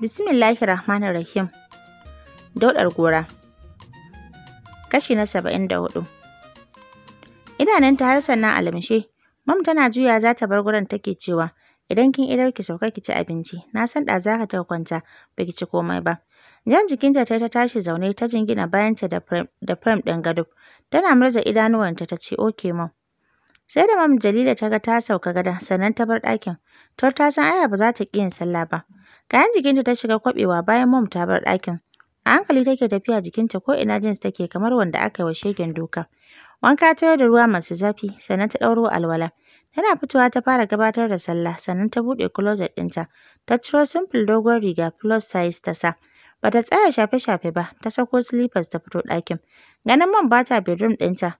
Bismillahi Rahmanir Rahim. Daudar gora. Kashi na saba'in da hudu. ta har sannan almishe, mam tana juya za ta bar gurin take cewa, idan kin idar ki sauka ki ci abinci, na san da za ka ta kwanta, ba ki ci komai ba. Jan jikinta ta ta tashi zaune ta jingina bayanta da firm ɗin gado. Tana murza idanuwanta ta ce, "Oke mam." Sai da mam Jalila ta ga ta sauka gada sannan ta bar ɗakin. Tor ta san aya ba za ta ƙi yin sallah ba. Kayan jikinta ta shiga kwaɓewa bayan mom ta bar ɗakin. A hankali take tafiya jikinta ko ina jins take kamar wanda aka yi wa shegen doka. Wanka ta da ruwa masu zafi sannan ta ɗauro alwala. Tana fitowa ta fara gabatar da sallah sannan ta buɗe closet ɗinta. Ta ciro simple dogon riga plus size ta sa. Bata tsaya shafe-shafe ba, ta sako slippers ta fito ɗakin. Ganin man bata bedroom ɗinta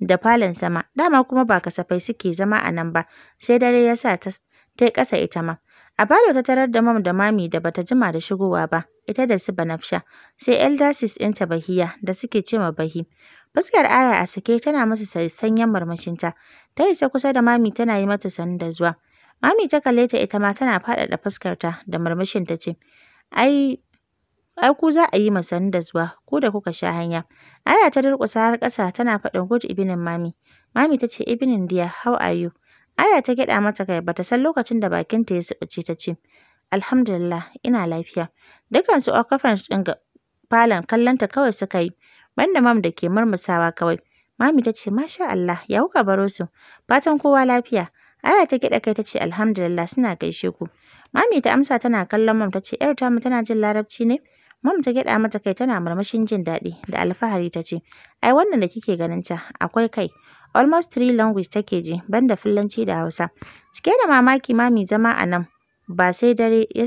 da falon sama, dama kuma ba kasafai suke zama a nan ba, sai dare ya sa ta tai ƙasa ita ma. Abalo ta tarar da mam da Mami da bata jima da shigowa ba, ita da su Banafsha, sai Eldasis ɗin ɗinta Bahiya da suke ce ma Bahi. Fuskar Aya a sake tana masa sanyen marmashinta, ta isa kusa da Mami tana yi mata sanin da zuwa. Mami ta kalle ta ita ma tana faɗaɗa fuskarta da marmashin ta ce, Ai, ai ku za a yi ma sanin da zuwa, ku da kuka sha hanya. Aya ta durƙusa har ƙasa tana faɗin good ibinin Mami. Mami ta ce evening dear, how are you? Aya ta gyaɗa mata kai bata san lokacin da bakinta ya suɓuce ta ce, Alhamdulillah, ina lafiya. Dukansu occupants ɗin falon kallonta kawai suka yi, banda mam da ke murmusawa kawai. Mami ta ce, Masha Allah, ya kuka baro su, fatan kowa lafiya. Aya ta gyaɗa kai ta ce, Alhamdulillah, suna gaishe ku. Mami ta amsa tana kallon mam ta ce, ‘yar tamu tana jin larabci ne?’ Mam ta gyaɗa mata kai tana murmushin jin daɗi da alfahari ta ce, Ai wannan da kike ganin ta akwai kai, Almost three language take ji, banda Fulanci da Hausa. Cike da mamaki ma zama a nan, ba sai dare ya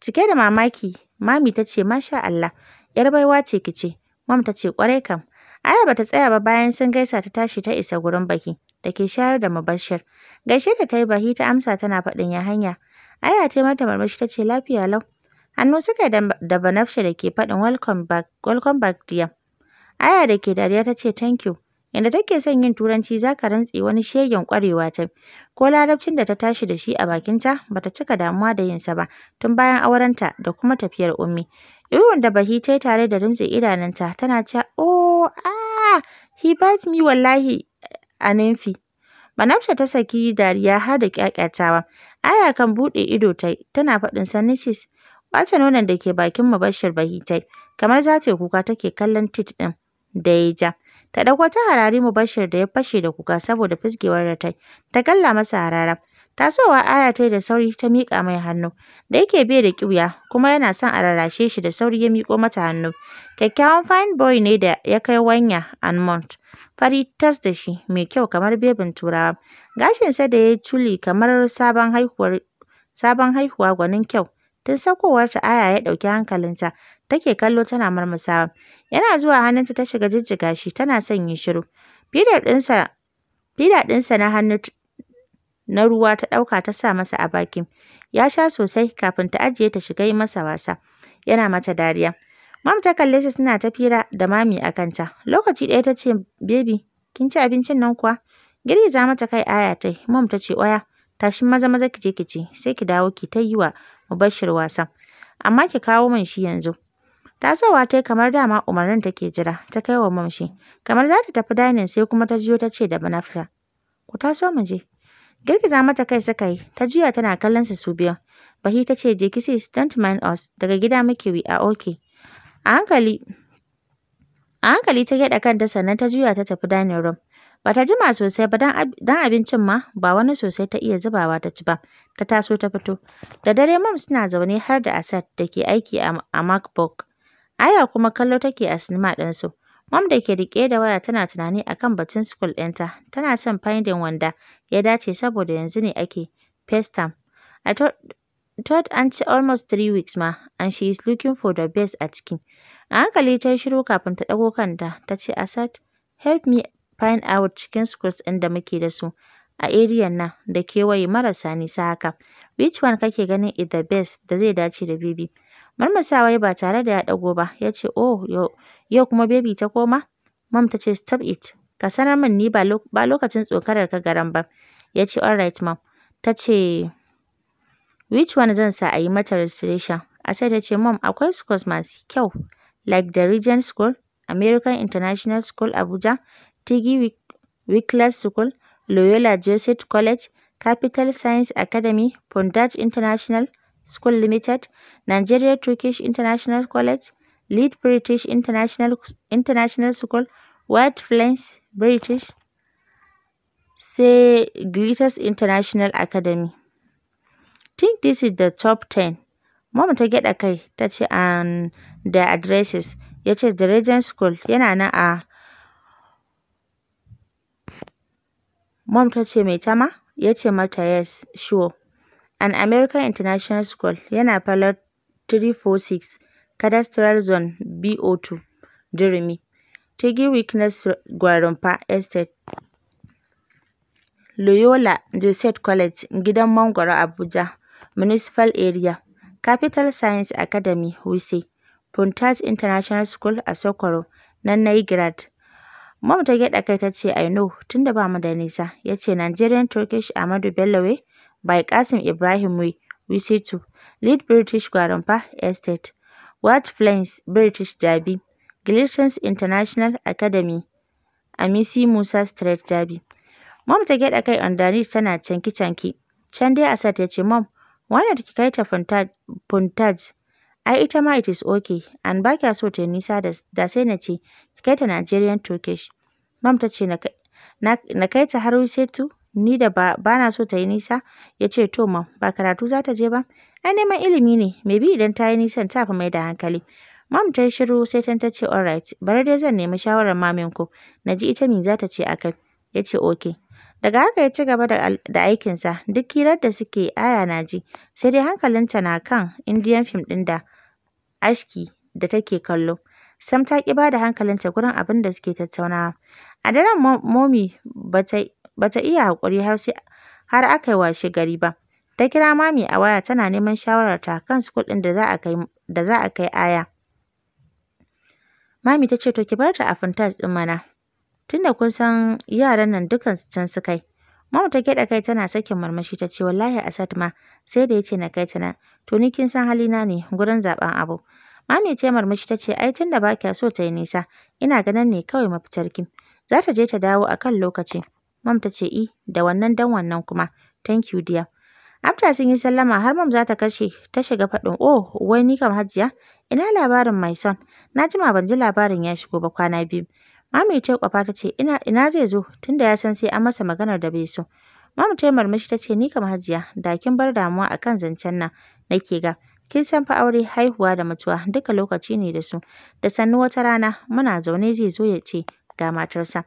Cike da mamaki, Mami ta ce, Masha Allah, ‘yar baiwa ce ki ce, Mam ta ce, ƙwarai kam. Aya bata tsaya ba bayan sun gaisa ta tashi ta isa gurin baki, da ke shayar da mubashir. Gaishe da ta yi bahi ta amsa tana faɗin ya hanya. Aya ta mata marmashi ta ce, lafiya lau. Hannu suka da banafshe da ke faɗin welcome back, welcome back dear. Aya da ke dariya ta ce thank you. Inda take son yin Turanci za ka rantse wani shegen ƙwarewa ta. Ko larabcin da ta tashi da shi a bakinta ba ta cika damuwa da yinsa ba tun bayan aurenta da kuma tafiyar ummi. Ihun da bahi ta yi tare da rimtse idanunta tana ce oh ah he bite me wallahi a nufi. Banabsha ta saki dariya har da ƙyaƙyatawa. Aya kan buɗe ido ta tana faɗin sanisis. Wace nonon da ke bakin mu Bashir Bahitai, kamar za ta kuka take kallon tit ɗin. da ya ja. Ta ɗauko ta harari Mubashir da ya fashe da kuka saboda fuskewar da ta yi, ta galla masa harara. Tasowa Aya ta yi da sauri ta miƙa mai hannu, da yake bai da ƙiwya kuma yana son a rarrashe shi da sauri ya miƙo mata hannu. Kyakkyawan fine boy ne da ya kai wanya and mount. Fari tas da shi mai kyau kamar bebin turawa. Gashinsa da ya yi tuli kamar sabon sabon haihuwa gwanin kyau. Tun saukowar ta Aya ya ɗauki hankalinta, take kallo tana marmasawa. Yana zuwa hannunta ta shiga jijjiga shi tana son yin shiru. Fidar ɗinsa ɗinsa na hannu na ruwa ta ɗauka ta sa masa a baki. Ya sha sosai kafin ta ajiye ta shiga yi masa wasa. Yana mata dariya. Mam ta kalle shi suna ta fira da mami a kanta. Lokaci ɗaya ta ce, Baby, kin ci abincin nan kuwa? za mata kai aya ta yi. Mam ta ce, Oya, tashi maza maza ki je ki ci, sai ki dawo ki ta yi wa Mubashir wasa. Amma ki kawo min shi yanzu. Tasowa ta yi kamar dama umarnin take jira, ta kai wa mamshi. Kamar za ta tafi dining sai kuma ta jiyo ta ce da Banafta, ku taso mu je. Girgiza mata kai suka yi, ta juya tana kallon su su biyan. Bahi ta ce, je kisis, don't mind us, daga gida muke wi a ok A hankali, a hankali ta gyaɗa kanta sannan ta juya ta tafi dining room. Ba ta jima sosai ba don abincin ma ba wani sosai ta iya zubawa ta ci ba, ta taso ta fito. Da dare mam suna zaune har da Asad da ke aiki a MacBook. Aya kuma kallo take a sinima ɗinsu. Mom da ke riƙe da waya tana tunani a kan batun school ɗinta, tana son finding wanda ya dace saboda yanzu ne ake FaceTime. I thought an ci almost three weeks ma and she is looking for the best a ciki. A hankali ta yi shiru kafin ta ɗago kanta ta ce a Asad, help me find out cikin schools ɗin da muke da su a area nan da kewaye marasa nisa haka. Which one kake ganin is the best da zai dace da Bibi? Marmasawa ba tare da ya ɗago ba. Ya ce, “Oh, yau kuma Baby ta koma?” Mom ta ce, “Stop it. Ka sanar min ni ba lokacin tsokarar ka garan ba.” Ya ce, “Alright Mom.” Ta ce, “Which one zan sa a yi mata registration?” sai ta ce, “Mom, akwai schools masu kyau like The Regent School, American International School Abuja, Tiggy Wickless School, Loyola Joseph College, Capital Science Academy, Pondage International. School Limited, Nigeria Turkish International College, Lead British International School, White Plains British, say Glitters International Academy. Think this is the top 10. Mom ta gyaɗa kai ta ce and the addresses ya ce the region School yana nan a Mom ta ce mai tama ya ce mata yes sure. An American International School yana Palu 346, Cadastral Zone BO2, Durumi, Ivy Weakness Gwarumpa Estate, Loyola Joseph College, Gidan mangoro Abuja, Municipal Area, Capital Science Academy Wuse, Punjab International School a Sokoto, nan na grad. Mom ta gyaɗa kai ta ce, I know, tun da ba mu da nisa, ya ce Nigerian-Turkish Ahmadu Bellowe. by qasim Ibrahim Wasoke, lead British Guarampa Estate, White Flans British Jabi Galatians International Academy amisi Musa Street, Jabi. Mom ta gyaɗa kai underneath tana canki canki Can dai Asad ya ce, Mom, why ki kai ta Puntaj? Ai ita ma it is okay, An ba kya so ta nisa da sai na ce, ki kai ta Nigerian Turkish. Mom ta ce, na kai ta har Wusetu? ni da ba, na so ta yi nisa, ya ce to mom ba karatu za ta je ba? Ai neman ilimi ne, maybe idan ta yi nisan ta fi mai da hankali. mam ta yi shiru sai ta ce alright, bari dai zan nemi shawarar mamin ku, na ji ita me za ta ce a kai. Ya ce okay. Daga haka ya ci gaba da, da aikinsa, duk kirar da suke aya na ji, sai dai hankalinta na kan indiyan fim ɗin da aski da take kallo. Sam ta ƙi ba da hankalinta gurin abin da suke tattaunawa. A daren momi ba ta ba ta iya haƙuri har sai har aka yi washe gari ba. Ta kira Mami a waya tana neman shawarar ta kan su kuɗin da za a kai Aya. Mami ta ce to ki bar ta a Funtas ɗin mana. Tunda kun san yaran nan dukan su can su kai. Mamu ta keɗa kai tana sakin marmashi ta ce wallahi Asad ma sai da yace na kai ta nan. To ni kin san halina ne gurin zaɓen abu. Mami ce marmashi ta ce ai tunda ba kya so ta yi nisa ina ganin ne kawai mafitarki. Za ta je ta dawo a kan lokaci. Mam ta ce i, da wannan dan wannan kuma. Thank you dear. After sun yi sallama har mam za ta kashe ta shiga faɗin oh wai ni kam hajjiya? ina labarin my son na jima ban ji labarin ya shigo ba kwana biyu. Mami ta kwafa ta ce ina ina zai zo tunda ya san sai an masa maganar da bai so. Mami ta marmashi ta ce ni kam hajiya da kin bar damuwa akan zancen nan nake ga kin san fa aure haihuwa da mutuwa duka lokaci ne da su da sannu wata rana muna zaune zai zo ya ce ga matarsa.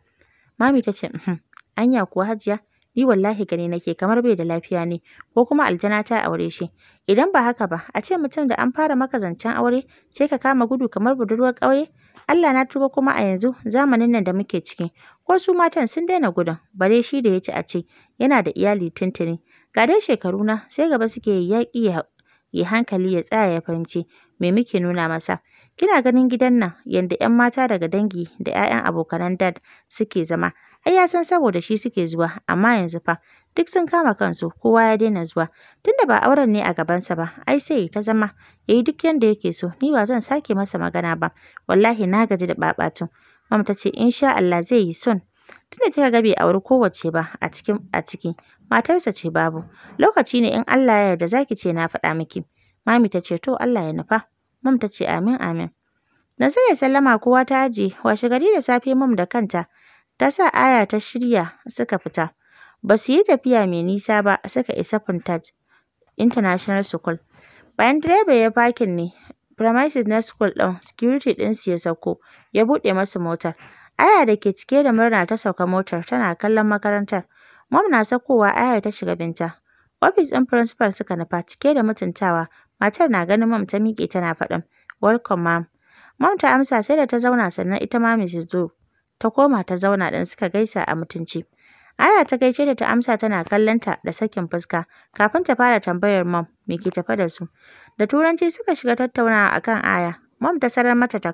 Mami ta ce uhm. Anya kuwa Hajiya, ni wallahi gani nake kamar bai da lafiya ne ko kuma aljana ta aure shi. Idan ba haka ba, a ce mutum da an fara maka zancen aure sai ka kama gudu kamar budurwar ƙauye. Allah na tuba kuma a yanzu zamanin nan da muke ciki ko su matan sun daina gudun bare shi da ya ci a ce yana da iyali tuntuni. Ga dai na, sai gaba suke yaƙi ya yi hankali ya tsaya ya fahimci me muke nuna masa. Kina ganin gidan nan yanda 'yan mata daga dangi da 'ya'yan abokanan dad suke zama. Ai ya san saboda shi suke zuwa, amma yanzu fa duk sun kama kansu kowa ya daina zuwa. Tunda ba auren ne a gabansa ba, ai sai ta zama ya yi duk yanda yake so, ni ba zan sake masa magana ba, wallahi na gaji da babatun. Mam ta ce insha Allah zai yi son. Tunda ta ga bai auri kowacce ba a cikin a ciki, matarsa ce babu. Lokaci ne in Allah ya yarda zaki ce na faɗa miki. Mami ta ce to Allah ya nufa. Mam ta ce amin amin. Na sai ya sallama kowa ta aje, washe gari da safe mam da kanta ta sa Aya ta shirya suka fita. Ba su yi tafiya mai nisa ba suka isa Punjab International School. Bayan direba ya bakin ne premises na school ɗin, security su ya sauko, ya buɗe masa motar. Aya da ke cike da murna ta sauka motar tana kallon makarantar. Mom na saukowa Aya ta shiga Binta. Ofis ɗin principal suka nufa cike da mutuntawa. Matar na ganin mom ta miƙe tana faɗin, "Welcome mom." Mom ta amsa sai da ta zauna sannan ita ma Mrs. Joe ta koma ta zauna ɗin suka gaisa a mutunci. Aya ta gaishe ta ta amsa tana kallonta da sakin fuska kafin ta fara tambayar mom me ke tafe da su. Da turanci suka shiga tattaunawa akan Aya. Mom ta sanar mata ta,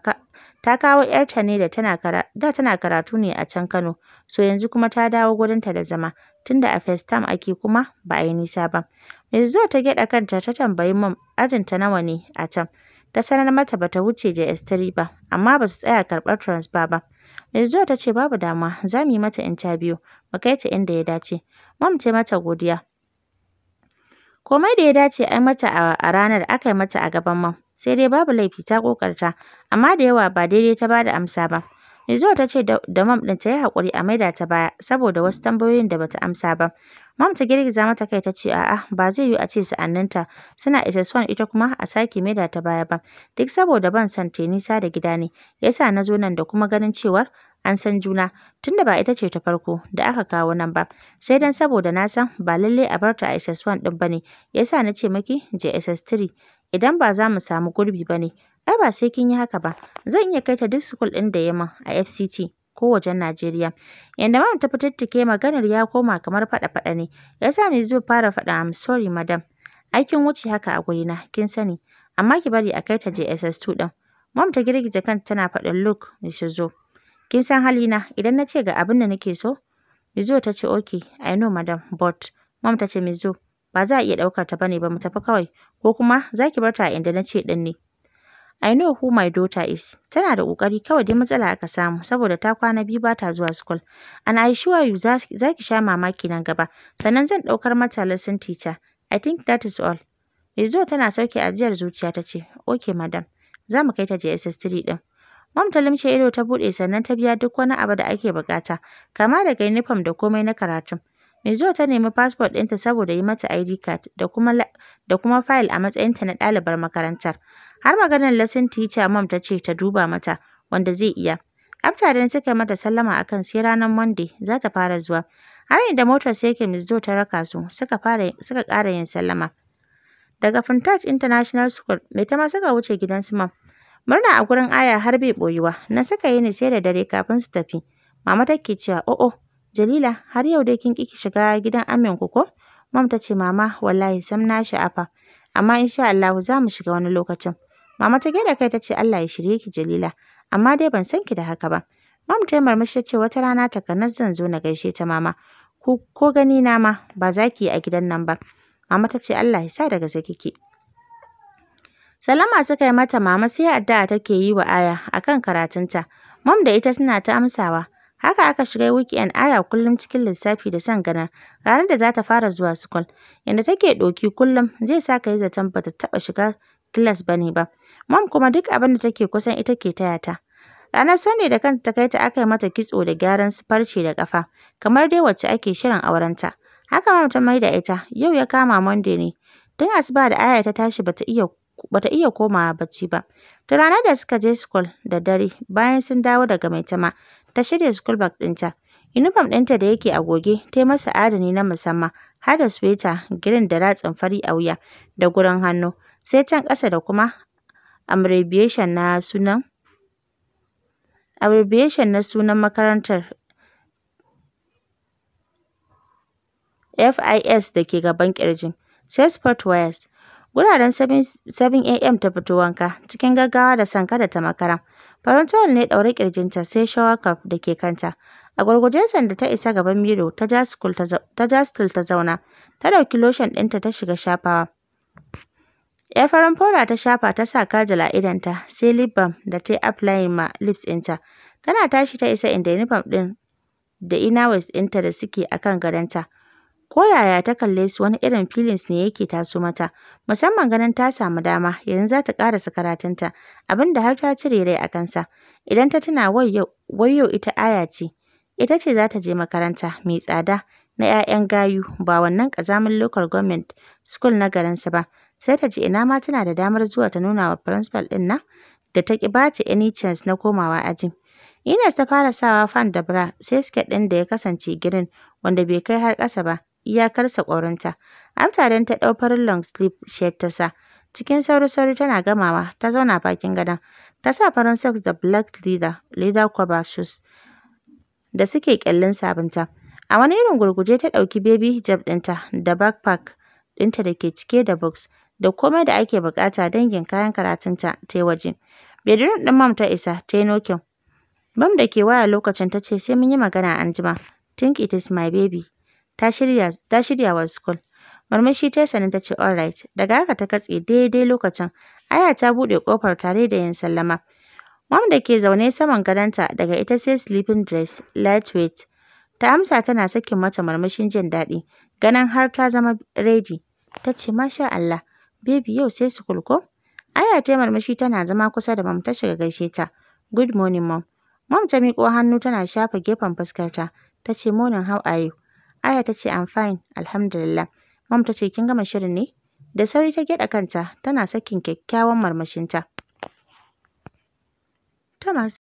ta kawo ‘yarta ne da tana kara, da tana karatu ne a can Kano, so yanzu kuma ta dawo gurinta da zama, tunda a first time ake kuma ba a yi nisa ba. Yanzu ta gyaɗa kanta ta tambayi mom ajinta nawa ne a can. Ta sanar mata ba ta wuce JS3 ba, amma ba su tsaya karɓar transfer ba. Rizwan ta ce babu dama za mu yi mata intabiyu, mu kai ta inda ya dace. Mom ce mata godiya. Komai da ya dace ai mata a ranar aka yi mata a gaban mam. Sai dai babu laifi ta kokarta amma da yawa ba daidai ta bada amsa ba. Rizwan ta ce da mam ɗin ta yi haƙuri a maida ta baya saboda wasu tambayoyin da bata amsa ba. Mamta ta girgiza mata kai ta ce a'a ba zai yiwu a ce sa'anninta suna SS1 ita kuma a sake maida ta baya ba. Duk saboda ban san te nisa da gida ne yasa na zo nan da kuma ganin cewar an san juna tunda ba ita ce ta farko da aka kawo nan ba sai dan saboda na san ba lalle a bar ta a SS1 din bane yasa na ce maki je SS3 idan ba za mu samu gurbi ba ne ai ba sai kin yi haka ba zan iya kai ta duk school din da yamma a FCT ko wajen Najeriya. Yanda Maryam ta fatattake maganar ya koma kamar faɗa-faɗa ne. Ya sa ni zuwa fara faɗa I'm sorry madam. Aikin wuce haka a gurina, kin sani. Amma ki bari a kai ta JSS2 ɗin. Mom ta girgiza kanta tana faɗin look su Zo. Kin san halina idan na ce ga abin da nake so? Mizo ta ce okay, I know madam, but mom ta ce Mizo, ba za a iya ɗaukar ta bane ba mu tafi kawai ko kuma za ki bar ta a inda na ce ɗin ne. I know who my daughter is. Tana da ƙoƙari kawai dai matsala aka samu saboda ta kwana biyu ba ta zuwa school. And I sure you za ki sha mamaki nan gaba. Sannan zan ɗaukar mata lesson teacher. I think that is all. zuwa tana sauke ajiyar zuciya ta ce, Okay madam, za mu kai ta JSS3 ɗin. Mam ta limce ido ta buɗe sannan ta biya duk wani abu da ake buƙata, kama daga uniform da komai na karatun. zuwa ta nemi passport ɗinta saboda yi mata ID card da kuma da kuma file a matsayinta na ɗalibar makarantar. Har maganar lesson teacher mom ta ce ta duba mata wanda zai iya. After then suka mata sallama akan sai ranar Monday za ta fara zuwa. Har inda motar sai ke Miss ta raka su suka fara suka ƙara yin sallama. Daga Funtaj International School mai ta ma suka wuce gidan su mam. Murna a gurin Aya har bai boyuwa na suka yi ni sai da dare kafin su tafi. Mama take cewa o'o oh, oh, Jalila har yau dai kin kiki shiga gidan amin ku ko? Mam ta ce mama wallahi sam na sha'afa amma insha Allah za mu shiga wani lokacin. Mama ta gyara kai ta ce Allah ya shirye ki Jalila, amma dai ban san ki da haka ba. Mam ta yi ta ce wata rana ta kanar zan zo na gaishe ta mama. Ko gani na ma ba za ki yi a gidan nan ba. Mama ta ce Allah ya sa daga gaske kike. Salama suka yi mata mama sai addu'a take yi wa Aya akan karatunta. mam da ita suna ta amsawa. Haka aka shiga weekend Aya kullum cikin lissafi da san gana ranar da za ta fara zuwa school. Yanda take ɗoki kullum zai sa ka yi zaton ba ta taɓa shiga class ba ba. mam kuma duk abin da take kusan ita ke taya ta. Ranar Sunday da kanta ta kai ta aka yi mata kitso da gyaran su farce da kafa, kamar dai wacce ake shirin aurenta. Haka mam ta maida ita, yau ya kama Monday ne. Tun asuba da Aya ta tashi bata iya bata iya komawa bacci ba. Ta ranar da suka je school da dare, bayan sun dawo daga maitama, ta shirya school bag ɗinta. Uniform ɗinta da yake a goge, ta yi masa adani na musamman, har da sweta, girin da ratsin fari a wuya da gurin hannu, sai can ƙasa da kuma abbreviation na sunan abbreviation na sunan makarantar FIS da ke gaban ƙirjin. Sai Wires, guraren Wuraren 7am ta fito wanka, cikin gaggawa da sanka da ta makara. Farin tawul ne ɗaure ƙirjinta sai shower cap da ke kanta. A gurguje sanda ta isa gaban miro ta ja ta zauna. Ta ɗauki lotion ɗinta ta shiga shafawa. Yar farin foda ta shafa ta sa kajal a idonta, sai lip balm da ta yi applying ma lips ɗinta. Tana tashi ta isa inda uniform ɗin da ina waist ɗinta da suke a kan gadonta. Ko yaya ta kalle su wani irin feelings ne yake taso mata, musamman ganin ta samu dama yanzu za ta ƙarasa karatunta, abin da har ta cire rai a kansa. Idan ta tuna wayyo, wayyo ita Aya ce, ita ce za ta je makaranta mai tsada na ‘ya'yan gayu ba wannan ƙazamin local government school na garinsa ba. Sai ta ji ina ma tana da damar zuwa ta nuna wa firinsifal ɗin nan da ta ki bata any chance na komawa ajin. Ines ta fara sawa fan da bra sai siket ɗin da ya kasance girin wanda bai kai har ƙasa ba iyakarsa ƙorinta. Amsa don ta ɗau farin long sleeve shirt ta sa. Cikin sauri-sauri tana gamawa ta zauna bakin gadon. Ta sa farin socks da black leather leather cover shoes da suke ƙyallin sabunta. A wani irin gurguje ta ɗauki baby hijab ɗinta da backpack ɗinta da ke cike da box da komai da ake buƙata dangin kayan karatunta ta yi waje. Bedroom ɗin Mam ta isa ta yi nokin. Mam da ke waya lokacin ta ce sai mun yi magana anjima. Think it is my baby. Ta shirya wa school. Marmashi ta sanin ta ce all Daga haka ta katse daidai lokacin. Aya ta buɗe kofar tare da yin sallama. Mam da ke zaune saman gadonta daga ita sai sleeping dress lightweight. Ta amsa tana sakin mata marmashin jin daɗi. Ganin har ta zama ready. Ta ce masha Allah. Baby yau sai school ko? Aya ta marmashi tana zama kusa da Mom ta shiga gaishe ta. Good morning Mom. Mom ta miƙo hannu tana shafa gefen fuskarta. Ta ce morning how are you? Aya ta ce I'm fine, alhamdulillah. Mom ta ce kin gama shirin ne? Da sauri ta gyaɗa kanta tana sakin kyakkyawan marmashin ta Thomas